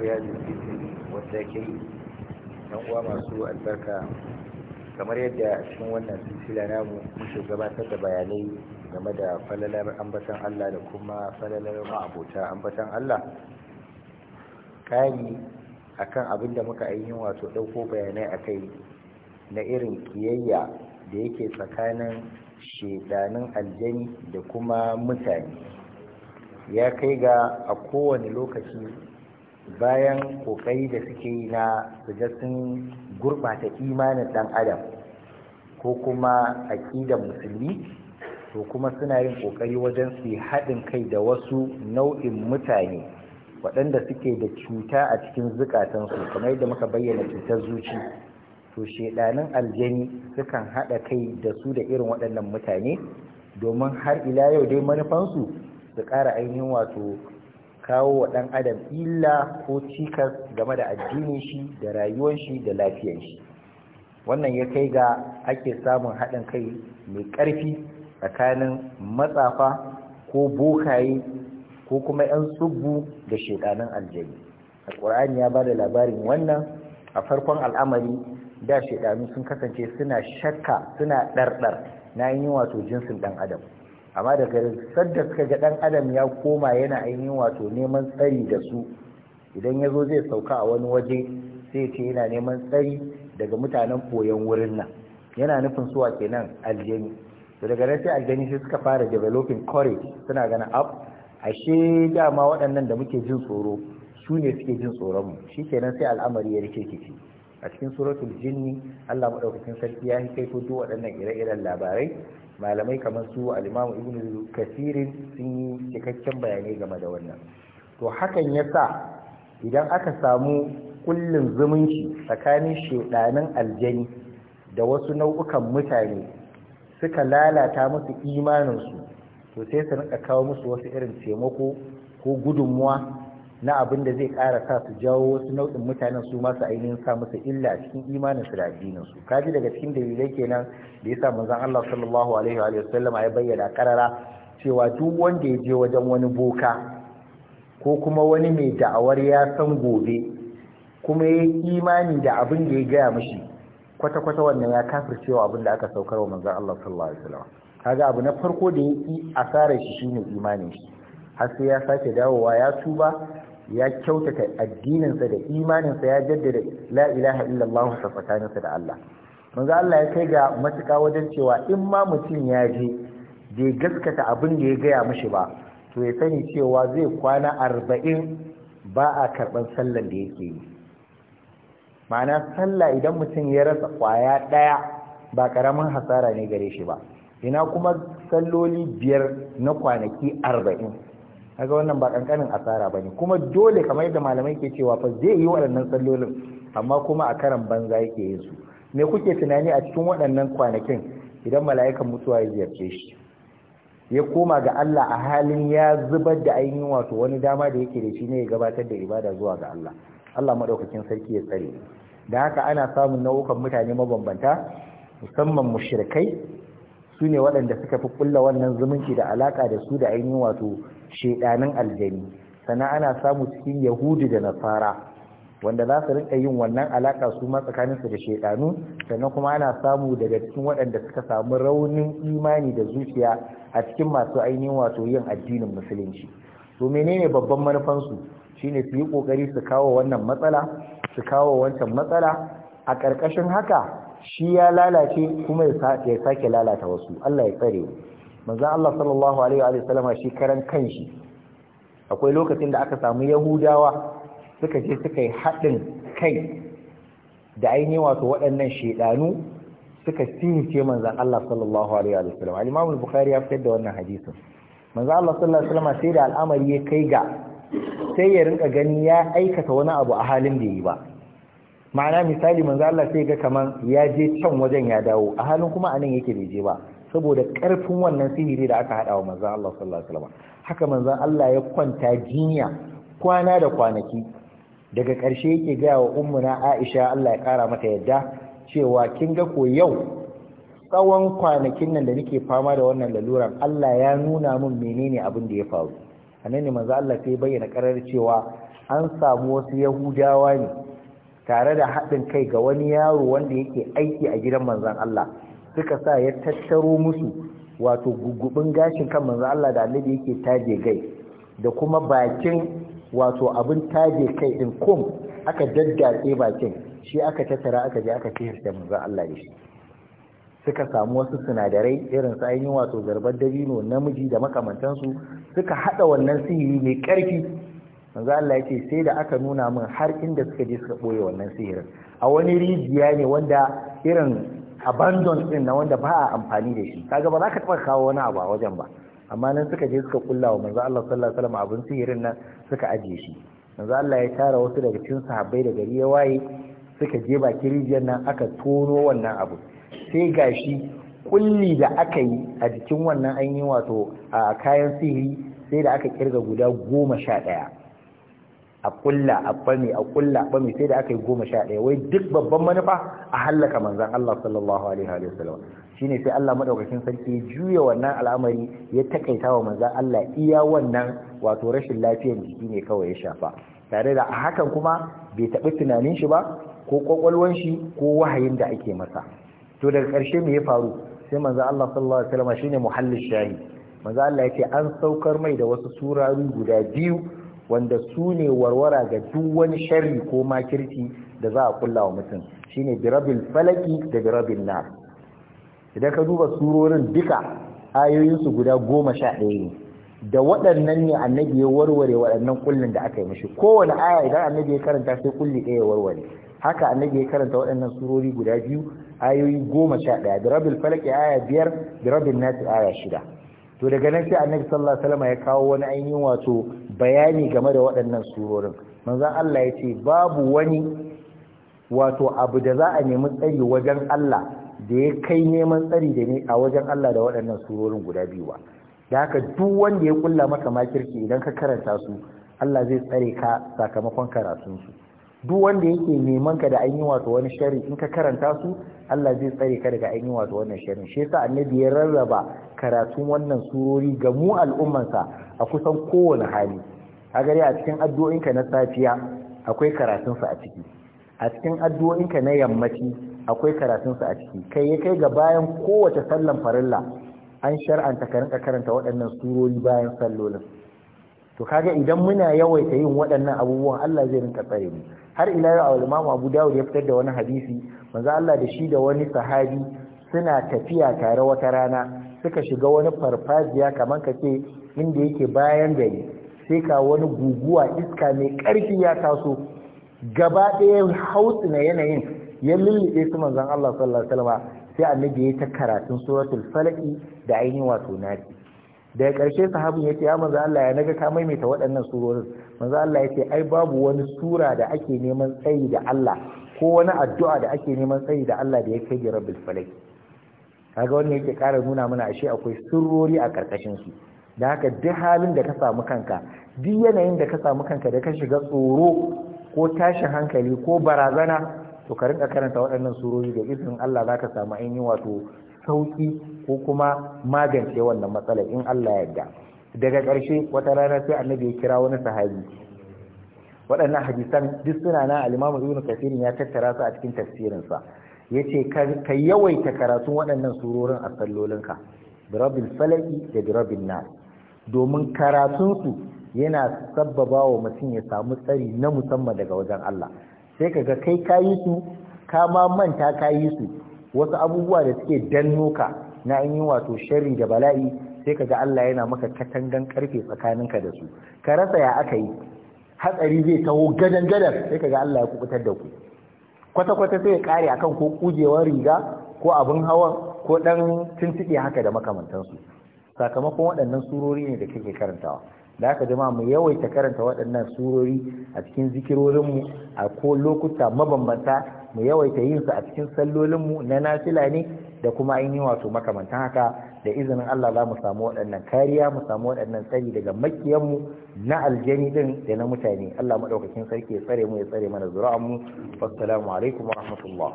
riyadu fitri wanda ke yan uwa masu albarka kamar yadda a cikin wannan silsila namu muke gabatar da bayanai game da falalar ambatan Allah da kuma falalar ma'abota ambatan Allah kari akan abin da muka yi wato ɗauko bayanai akai na irin kiyayya da yake tsakanin shedanin aljani da kuma mutane ya kai ga a kowane lokaci bayan kokari da suke yi na suje sun gurbata imanin dan adam ko kuma aƙidar musulmi to kuma suna yin kokari wajen su yi haɗin kai da wasu nau'in mutane waɗanda suke da cuta a cikin zukatansu kamar yadda muka bayyana cutar zuci to shedanin aljani sukan haɗa kai da su da irin waɗannan mutane domin har ila yau dai manufansu su ƙara ainihin wato kawo wa ɗan adam illa ko cikas game da addinin shi da rayuwar shi da lafiyar shi wannan ya kai ga ake samun haɗin kai mai ƙarfi tsakanin matsafa ko bokaye ko kuma 'yan tsubbu da shekanun aljani alƙur'ani ya ba da labarin wannan a farkon al'amari da shekanu sun kasance suna shakka suna ɗarɗar na yi wato jinsin ɗan adam amma daga sadda suka ga dan adam ya koma yana ainihin wato neman tsari da su idan ya zo zai sauka a wani waje sai ce yana neman tsari daga mutanen koyon wurin nan yana nufin suwa kenan aljani to daga nan sai aljani sai suka fara developing courage suna gana up ashe dama waɗannan da muke jin tsoro su ne suke jin tsoronmu shi kenan sai al'amari ya rike kici a cikin suratul jinni Allah maɗaukacin sarki ya kaito duk waɗannan ire-iren labarai malamai kamar su alimamu ibn kasirin sun yi cikakken bayanai game da wannan to hakan ya sa idan aka samu kullum zumunci tsakanin shaidanin aljani da wasu nau'ukan mutane suka lalata musu imaninsu to sai su rinka kawo musu wasu irin taimako ko gudunmuwa na abin da zai ƙara sa su jawo wasu nau'in mutanen su masu ainihin sa musu illa a cikin imanin su da addinin su kaji daga cikin dalilai kenan da yasa manzon Allah sallallahu alaihi wa sallam ya bayyana karara cewa duk wanda ya je wajen wani boka ko kuma wani mai da'awar ya san gobe kuma ya imani da abin da ya gaya mashi, kwata-kwata wannan ya kafircewa abin da aka saukar wa manzon Allah sallallahu alaihi wa sallam kaga abu na farko da ya yi asarar shi shine imanin shi har sai ya sake dawowa ya tuba ya kyautata addininsa da imaninsa ya jaddada la ilaha illallah sa tsakaninsa da Allah manzo Allah ya kai ga matuƙa wajen cewa in ma mutum ya je bai gaskata abin da ya gaya mishi ba to ya sani cewa zai kwana arba'in ba a karɓar sallar da yake yi ma'ana sallah idan mutum ya rasa kwaya ɗaya ba ƙaramin hasara ne gare shi ba ina kuma salloli biyar na kwanaki arba'in kaga wannan ba kankanin asara bane kuma dole kamar yadda malamai ke cewa fa zai yi waɗannan sallolin amma kuma a karan banza yake yin su me kuke tunani a cikin waɗannan kwanakin idan mala'ikan mutuwa ya ziyarce shi ya koma ga Allah a halin ya zubar da ainihin wato wani dama da yake da shi ne ya gabatar da ibada zuwa ga Allah Allah madaukakin sarki ya tsare da haka ana samun nau'ukan mutane mabambanta musamman mushrikai su ne waɗanda suka fi kulla wannan zumunci da alaƙa da su da ainihin wato shaidanin aljani sannan ana samu cikin yahudu da nasara wanda za su rinka yin wannan alaƙa su ma tsakaninsu da shaidanu sannan kuma ana samu daga cikin waɗanda suka samu raunin imani da zuciya a cikin masu ainihin wato yin addinin musulunci to menene babban manufansu shine su yi ƙoƙari su kawo wannan matsala su kawo wancan matsala a ƙarƙashin haka shi ya lalace kuma ya sake lalata wasu Allah ya tsare manzo Allah sallallahu alaihi wa sallama shi karan kanshi akwai lokacin da aka samu yahudawa suka je suka yi haɗin kai da ainihi wato waɗannan shedanu suka since manzo Allah sallallahu alaihi wa sallam al-Imam al-Bukhari ya fitar da wannan hadisin manzo Allah sallallahu alaihi wa sallama sai da al'amari ya kai ga sai ya rinka gani ya aikata wani abu a halin da yi ba ma'ana misali manzo Allah sai ga kaman ya je can wajen ya dawo a halin kuma anan yake bai je ba saboda karfin wannan sihiri da aka hada wa manzo Allah sallallahu alaihi wasallam haka manzo Allah ya kwanta jinya kwana da kwanaki daga karshe yake ga wa ummuna Aisha Allah ya kara mata yadda cewa kin ga ko yau tsawon kwanakin nan da nake fama da wannan laluran Allah ya nuna min menene abin da ya faru anan ne manzo Allah sai bayyana karar cewa an samu wasu Yahudawa ne tare da haɗin kai ga wani yaro wanda yake aiki a gidan manzan Allah suka sa ya tattaro musu wato gugubin gashin kan manzan Allah da annabi yake taje gai da kuma bakin wato abin taje kai din kum aka daddatse bakin shi aka tattara aka je aka kiyar da manzan Allah da shi suka samu wasu sinadarai irin su ainihin wato zarbar dabino namiji da makamantansu suka haɗa wannan sihiri mai ƙarfi manzo Allah yace sai da aka nuna min har inda suka je suka boye wannan sihirin a wani rijiya ne wanda irin abandon din na wanda ba a amfani da shi kaga ba za ka taba kawo wani abu a wajen ba amma nan suka je suka kulla wa manzo Allah sallallahu alaihi wasallam abin sihirin nan suka ajiye shi manzo Allah ya tara wasu daga cikin sahabbai da gari ya waye suka je bakin rijiyar nan aka toro wannan abu sai gashi kulli da aka yi a jikin wannan an yi wato a kayan sihiri sai da aka kirga guda goma sha ɗaya a kulla a bami a kulla a bami sai da aka yi goma sha ɗaya wai duk babban manufa a hallaka manzan Allah sallallahu alaihi wa sallam ne sai Allah maɗaukacin sarki juya wannan al'amari ya takaita wa manzan Allah iya wannan wato rashin lafiyar jiki ne kawai ya shafa tare da a hakan kuma bai taɓi tunanin shi ba ko ƙwaƙwalwan shi ko wahayin da ake masa to daga ƙarshe me ya faru sai manzan Allah sallallahu alaihi wa sallam ne muhallin shahi manzan Allah ya ce an saukar mai da wasu surari guda biyu wanda su ne warwara ga duk wani sharri ko makirci da za a kulla wa mutum shine birabin falaki da birabin nar idan ka duba surorin duka ayoyinsu guda goma sha ɗaya ne da waɗannan ne annabi ya warware waɗannan kullin da aka yi mashi? kowane aya idan annabi ya karanta sai kulli ɗaya ya warware haka annabi ya karanta waɗannan surori guda biyu ayoyi goma sha ɗaya Birabin falaki aya biyar birabin nasi aya shida to daga nan sai annabi sallallahu alaihi ya kawo wani ainihin wato bayani game da waɗannan surorin manzan Allah ya ce babu wani wato abu da za a nemi tsari wajen Allah da ya kai neman tsari da ne a wajen Allah da waɗannan surorin guda biyu ba da haka duk wanda ya kulla maka makirki idan ka karanta su Allah zai tsare ka sakamakon karatunsu duk wanda yake neman ka da an yi wato wani shari in ka karanta su Allah zai tsare ka daga an yi wato wannan shari shi yasa annabi ya rarraba karatun wannan surori ga mu al'ummansa a kusan kowane hali a gare a cikin addu'o'inka na safiya akwai karatun sa a ciki a cikin addu'o'inka na yammaci akwai karatun sa a ciki kai ya kai ga bayan kowace sallan farilla an shar'anta ka rinka karanta waɗannan surori bayan sallolin to kaga idan muna yawaita yin waɗannan abubuwan Allah zai rinka tsare mu har ila yau al-Imam Abu Dawud ya fitar da wani hadisi manzo Allah da shi da wani sahabi suna tafiya tare wata rana suka shiga wani farfajiya kamar ka inda yake bayan gari sai ka wani guguwa iska mai ƙarfi ya taso gaba ɗaya hautsi na yanayin ya lullube su manzon Allah sallallahu alaihi wasallam sai annabi ya ta karatun suratul falaki da ainihin wato nasi daga ƙarshe sahabin ya ce ya manzo Allah ya naga ka maimaita waɗannan surorin manzo Allah yace ai babu wani sura da ake neman tsayi da Allah ko wani addu'a da ake neman tsayi da Allah da ya kai rabbul falak kaga wannan yake ƙara nuna mana ashe akwai sirrori a karkashin su da haka duk halin da ka samu kanka duk yanayin da ka samu kanka da ka shiga tsoro ko tashin hankali ko barazana to ka rinka karanta waɗannan surori da izinin Allah zaka samu ainihin wato sauki ko kuma magance wannan matsalar in Allah ya yarda daga ƙarshe wata rana sai annabi ya kira wani sahabi waɗannan hadisan duk suna na alimamu ibn kasirin ya tattara su a cikin tafsirinsa ya ce ka yawaita karatun waɗannan surorin a sallolinka birabin falaki da birabin Na". domin karatunsu yana sabbaba wa mutum ya samu tsari na musamman daga wajen Allah sai ka ga kai ka yi su ka ma manta ka yi su wasu abubuwa da suke danno ka na an yi wato sharri da bala'i sai ka ga Allah yana maka katangan karfe tsakaninka da su ka rasa ya aka yi hatsari zai taho gadan gadan sai ka ga Allah ya kubutar da ku kwata kwata sai ya kare akan ko kujewar riga ko abin hawa ko dan tuntuɗe haka da makamantansu sakamakon waɗannan surori ne da kake karantawa da aka jama mu yawaita karanta waɗannan surori a cikin zikirorinmu a ko lokuta mabambanta mu yawaita yin su a cikin sallolinmu na nafila ne da kuma ainihin wato makamantan haka da izinin Allah za mu samu waɗannan kariya mu samu waɗannan tsari daga makiyanmu na aljani din da na mutane Allah maɗaukakin sarki ya tsare mu ya tsare mana zuri'anmu wassalamu alaikum wa rahmatullah